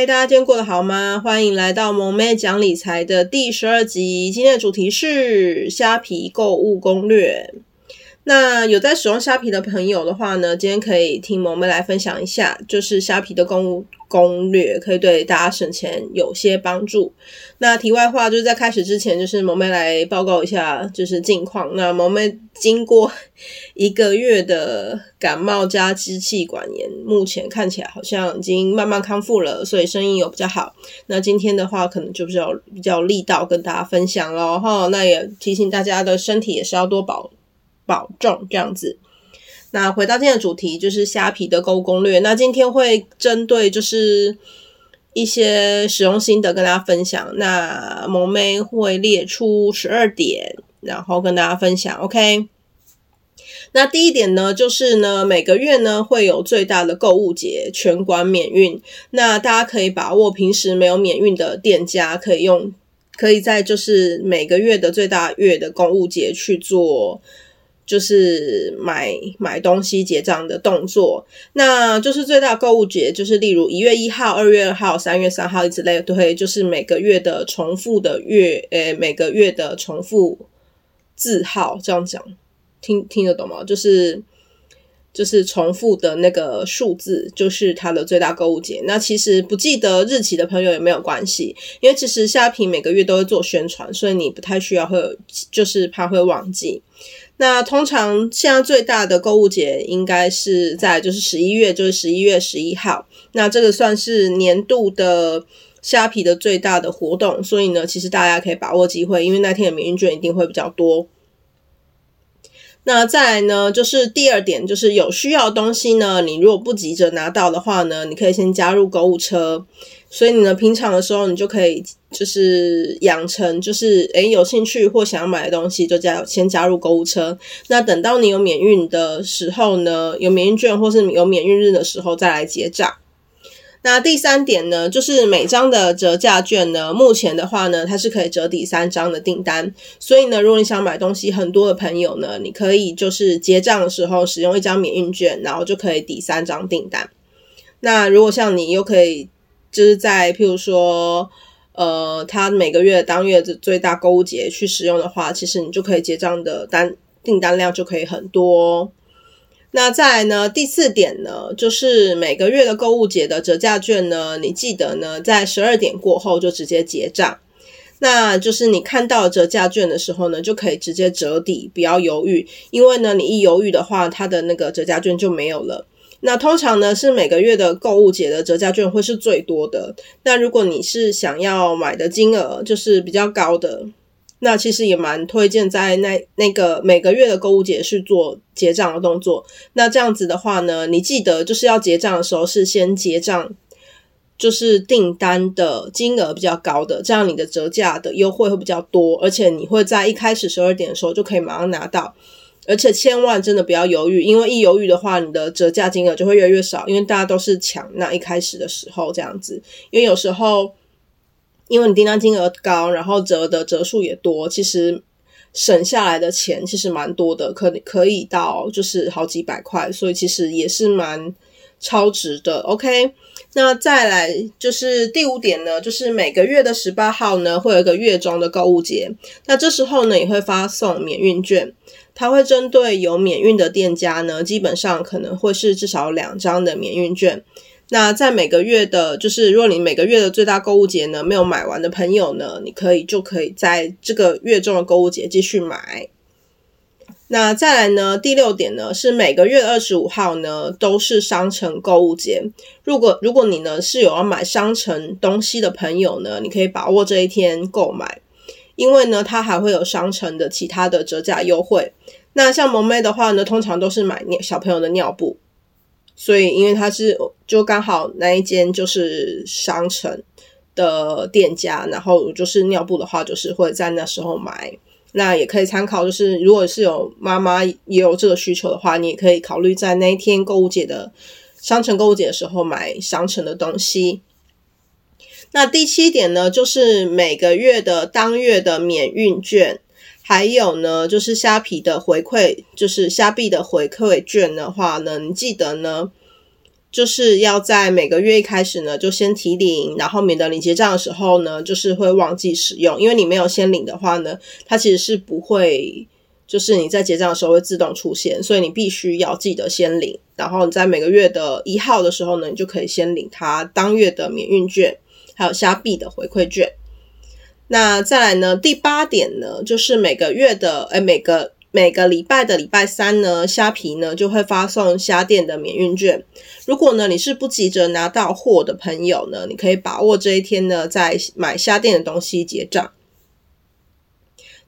嗨，大家今天過得好嗎？歡迎來到萌咩講理財的第十二集。今天的主題是蝦皮購物攻略。那有在使用蝦皮的朋友的話呢，今天可以聽萌咩來分享一下，就是蝦皮的攻攻略，可以對大家省錢有些幫助。那題外話就是在開始之前，就是萌咩來報告一下就是近況。那萌咩經過一個月的感冒加支氣管炎，目前看起來好像已經慢慢康復了，所以聲音有比較好。那今天的話可能就比較比較力道跟大家分享了哈。那也提醒大家的身體也是要多保，保重這樣子。那回到今天的主題，就是蝦皮的購物攻略。那今天會針對就是一些使用心得跟大家分享。那萌咩會列出十二點，然後跟大家分享。OK。那第一點呢，就是呢每個月呢會有最大的購物節，全館免運。那大家可以把握平時沒有免運的店家，可以用可以在就是每個月的最大月的購物節去做。就是買買東西結賬的動作，那就是最大購物節，就是例如一月一號、二月二號、三月三號之類，一直類推對，就是每個月的重複的月，呃、欸，每個月的重複字號，這樣講聽聽得懂嗎？就是就是重複的那個數字，就是它的最大購物節。那其實不記得日期的朋友也沒有關係，因為其實蝦皮每個月都會做宣傳，所以你不太需要會就是怕會忘記。那通常現在最大的購物節應該是在就是十一月，就是十一月十一號。那這個算是年度的蝦皮的最大的活動，所以呢，其實大家可以把握機會，因為那天的免運券一定會比較多。那再來呢，就是第二點，就是有需要東西呢，你如果不急着拿到的話呢，你可以先加入購物車。所以你呢，平常的時候你就可以就是養成，就是誒有興趣或想要買的東西就加先加入購物車。那等到你有免運的時候呢，有免運券或是有免運日的時候再來結賬。那第三點呢，就是每張的折價券呢，目前的話呢，它是可以折抵三張的訂單。所以呢，如果你想買東西很多的朋友呢，你可以就是結賬的時候使用一張免運券，然後就可以抵三張訂單。那如果像你又可以就是在譬如說，呃，它每個月當月的最大購物節去使用的話，其實你就可以結賬的單訂單量就可以很多哦。那再來呢，第四點呢，就是每個月的購物節的折價券呢，你記得呢，在十二點過後就直接結賬。那就是你看到折價券的時候呢，就可以直接折抵，不要猶豫，因為呢，你一猶豫的話，它的那個折價券就沒有了。那通常呢，是每個月的購物節的折價券會是最多的。那如果你是想要買的金額就是比較高的。那其實也蠻推薦在那那個每個月的購物節去做結賬的動作。那這樣子的話呢，你記得就是要結賬的時候是先結賬，就是訂單的金額比較高的，這樣你的折價的優惠會，會比較多，而且你會在一開始十二點的時候就可以馬上拿到。而且千萬真的不要猶豫，因為一猶豫的話，你的折價金額就會越來越少，因為大家都是搶那一開始的時候這樣子，因為有時候。因為你訂單金額高，然後折的折數也多，其實省下來的錢其實蠻多的，可以可以到就是好幾百塊，所以其實也是蠻超值的。OK，那再來就是第五點呢，就是每個月的十八號呢會有一個月中的購物節，那這時候呢也會發送免運券，它會針對有免運的店家呢，基本上可能會是至少兩張的免運券。那在每個月的，就是如果你每個月的最大購物節呢沒有買完的朋友呢，你可以就可以在這個月中的購物節繼續買。那再來呢，第六點呢是每個月二十五號呢都是商城購物節。如果如果你呢是有要買商城東西的朋友呢，你可以把握這一天購買，因為呢它還會有商城的其他的折價優惠。那像萌咩的話呢，通常都是買尿小朋友的尿布。所以，因為他是就剛好那一間就是商城的店家，然後就是尿布的話，就是會在那時候買。那也可以參考，就是如果是有媽媽也有這個需求的話，你也可以考慮在那一天購物節的商城購物節的時候買商城的東西。那第七點呢，就是每個月的當月的免運券。還有呢，就是蝦皮的回饋，就是蝦幣的回饋券的話呢，你記得呢，就是要在每個月一開始呢，就先提領，然後免得你結賬的時候呢，就是會忘記使用，因為你沒有先領的話呢，它其實是不會，就是你在結賬的時候會自動出現，所以你必須要記得先領，然後你在每個月的一號的時候呢，你就可以先領它當月的免運券，還有蝦幣的回饋券。那再來呢，第八點呢，就是每個月的哎、欸，每個每個禮拜的禮拜三呢，蝦皮呢就會發送蝦店的免運券。如果呢你是不急着拿到貨的朋友呢，你可以把握這一天呢，在買蝦店的東西結賬。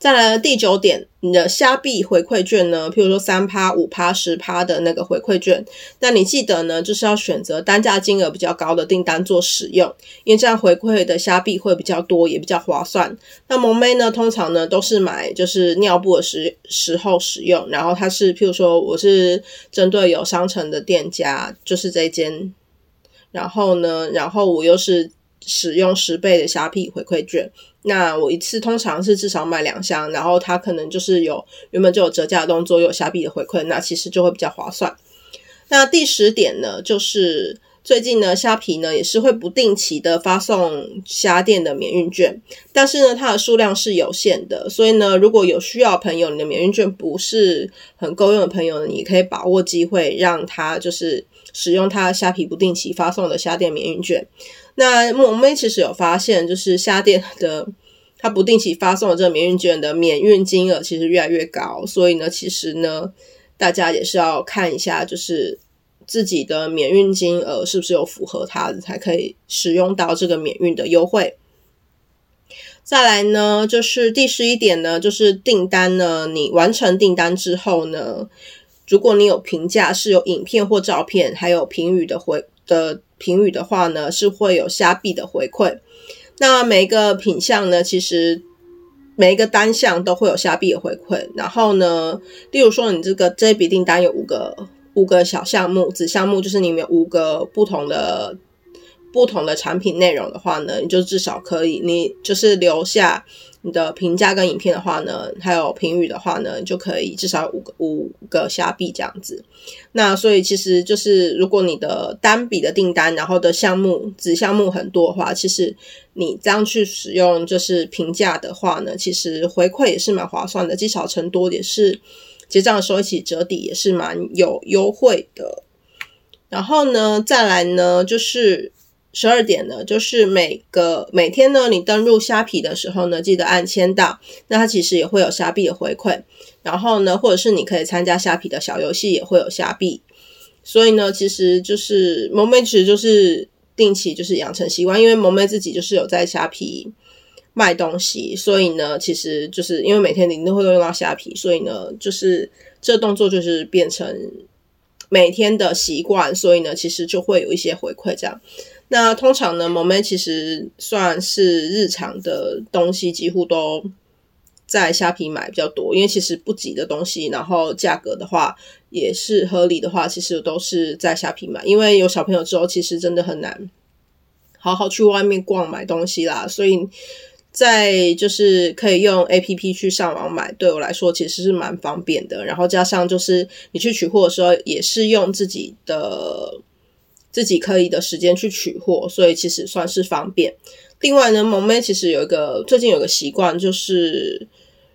再來第九點，你的蝦幣回饋券呢，譬如說三趴、五趴、十趴的那個回饋券，那你記得呢，就是要選擇單價金額比較高的訂單做使用，因為這樣回饋的蝦幣會比較多，也比較划算。那萌咩呢，通常呢都是買就是尿布的時時候使用，然後它，是譬如說我是針對有商城的店家，就是這一間，然後呢，然後我又是。使用十倍的蝦幣回饋券，那我一次通常是至少買兩箱，然後它可能就是有原本就有折價的動作，又有蝦幣的回饋，那其實就會比較划算。那第十點呢，就是。最近呢，蝦皮呢也是會不定期的發送蝦店的免運券，但是呢，它的數量是有限的，所以呢，如果有需要的朋友，你的免運券不是很夠用的朋友呢，你也可以把握機會，讓他就是使用他蝦皮不定期發送的蝦店免運券。那我們其實有發現，就是蝦店的他不定期發送的這個免運券的免運金額其實越來越高，所以呢，其實呢，大家也是要看一下，就是。自己的免運金額是不是有符合，它才可以使用到這個免運的優惠？再來呢，就是第十一點呢，就是訂單呢，你完成訂單之後呢，如果你有評價是有影片或照片，還有評語的回的評語的話呢，是會有蝦幣的回饋。那每一個品項呢，其實每一個單項都會有蝦幣的回饋。然後呢，例如說你這個這一筆訂單有五個。五個小項目、子項目，就是你們五個不同的、不同的產品內容的話呢，你就至少可以，你就是留下你的評價跟影片的話呢，還有評語的話呢，你就可以至少五個、五個蝦幣這樣子。那所以其實就是，如果你的單筆的訂單，然後的項目、子項目很多的話，其實你這樣去使用就是評價的話呢，其實回饋也是蠻划算的，積少成多也是。結賬的時候一起折抵也是蠻有優惠的。然後呢，再來呢，就是十二點呢，就是每個每天呢，你登入蝦皮的時候呢，記得按簽到，那它其實也會有蝦幣的回饋。然後呢，或者是你可以參加蝦皮的小遊戲，也會有蝦幣。所以呢，其實就是萌咩其實就是定期就是養成習慣，因為萌咩自己就是有在蝦皮。賣東西，所以呢，其實就是因為每天你都會用到蝦皮，所以呢，就是這動作就是變成每天的習慣，所以呢，其實就會有一些回饋。這樣，那通常呢，萌咩其實算是日常的東西，幾乎都在蝦皮買比較多，因為其實不急的東西，然後價格的話也是合理的話，其實都是在蝦皮買。因為有小朋友之後，其實真的很難好好去外面逛買東西啦，所以。在就是可以用 A P P 去上網買，對我來說其實是蠻方便的。然後加上就是你去取貨的時候，也是用自己的自己可以的時間去取貨，所以其實算是方便。另外呢，萌咩其實有一個最近有個習慣，就是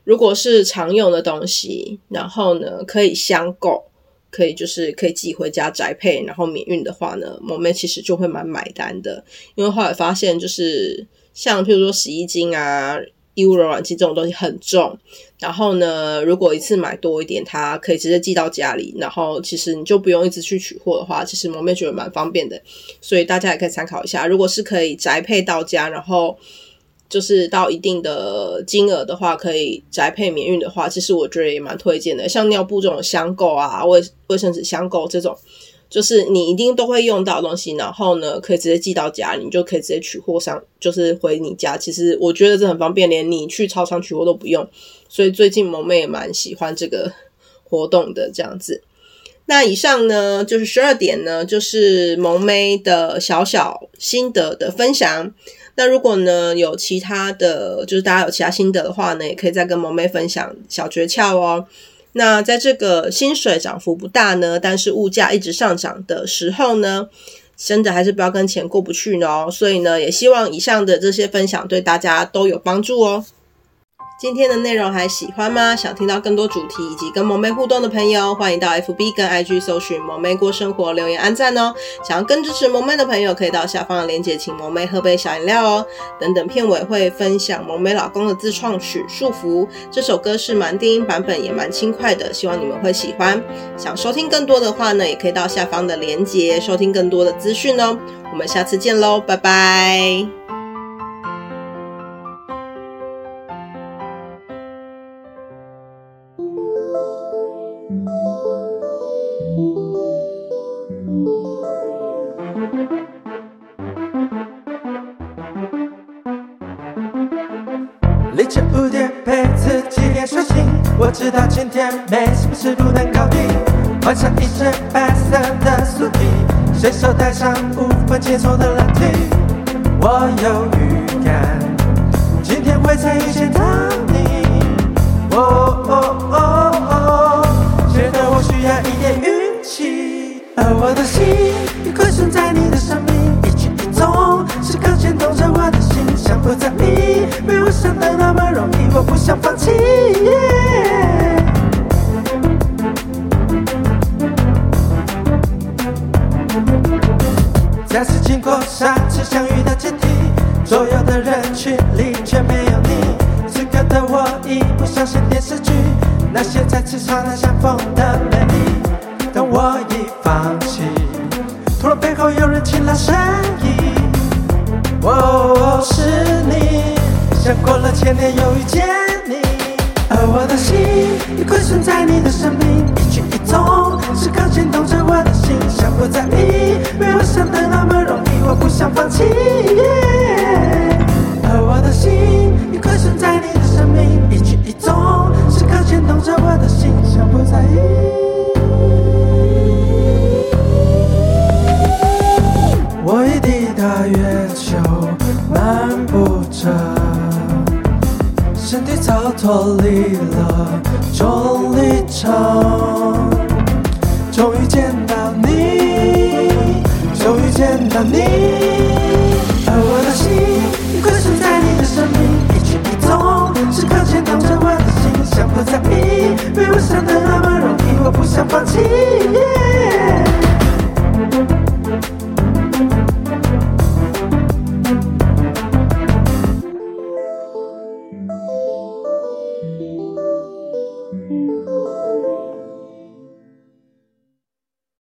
如果是常用的東西，然後呢可以箱購，可以就是可以寄回家宅配，然後免運的話呢，萌咩其實就會蠻買單的，因為後來發現就是。像譬如說洗衣精啊、衣物柔軟劑這種東西很重，然後呢，如果一次買多一點，它可以直接寄到家裡，然後其實你就不用一直去取貨的話，其實萌咩覺得蠻方便的，所以大家也可以參考一下。如果是可以宅配到家，然後就是到一定的金額的話，可以宅配免運的話，其實我覺得也蠻推薦的。像尿布這種箱購啊，衛衛生紙箱購這種。就是你一定都會用到的東西，然後呢，可以直接寄到家，你就可以直接取貨上，就是回你家。其實我覺得這很方便，連你去超商取貨都不用。所以最近萌咩也蠻喜歡這個活動的這樣子。那以上呢，就是十二點呢，就是萌咩的小小心得的分享。那如果呢有其他的，就是大家有其他心得的話呢，也可以再跟萌咩分享小訣竅哦。那在這個薪水漲幅不大呢，但是物價一直上漲的時候呢，真的還是不要跟錢過不去呢哦。所以呢，也希望以上的這些分享對大家都有幫助哦。今天的內容還喜歡嗎？想聽到更多主題以及跟萌咩互動的朋友，歡迎到 FB 跟 IG 搜尋萌咩過生活，留言按讚哦。想要更支持萌咩的朋友，可以到下方的鏈接，請萌咩喝杯小飲料哦。等等片尾會分享萌咩老公的自創曲《束縛》，這首歌是蠻低音版本，也蠻輕快的，希望你們會喜歡。想收聽更多的話呢，也可以到下方的鏈接收聽更多的資訊哦。我們下次見嘍，拜拜。凌晨五點陪自己練手心，我知道今天沒什麼事不能搞定。穿上一身白色的速遞，隨手帶上無法解鎖的垃圾。我有預感，今天會再遇見到你。哦哦哦哦，哦，哦，覺得我需要一點運氣，而我的心已刻存在你的生命。是剎那相逢的美麗，但我已放棄。突然背後有人輕拉聲音，哦，是你。像過了千年又遇見你，而我的心已虧損在你的生命，一舉一動，時刻牽動着我的心，想不在意，沒我想得那麼容易，我不想放棄。Yeah，而我的心已虧損在你的生命，一去。脫離了重力場。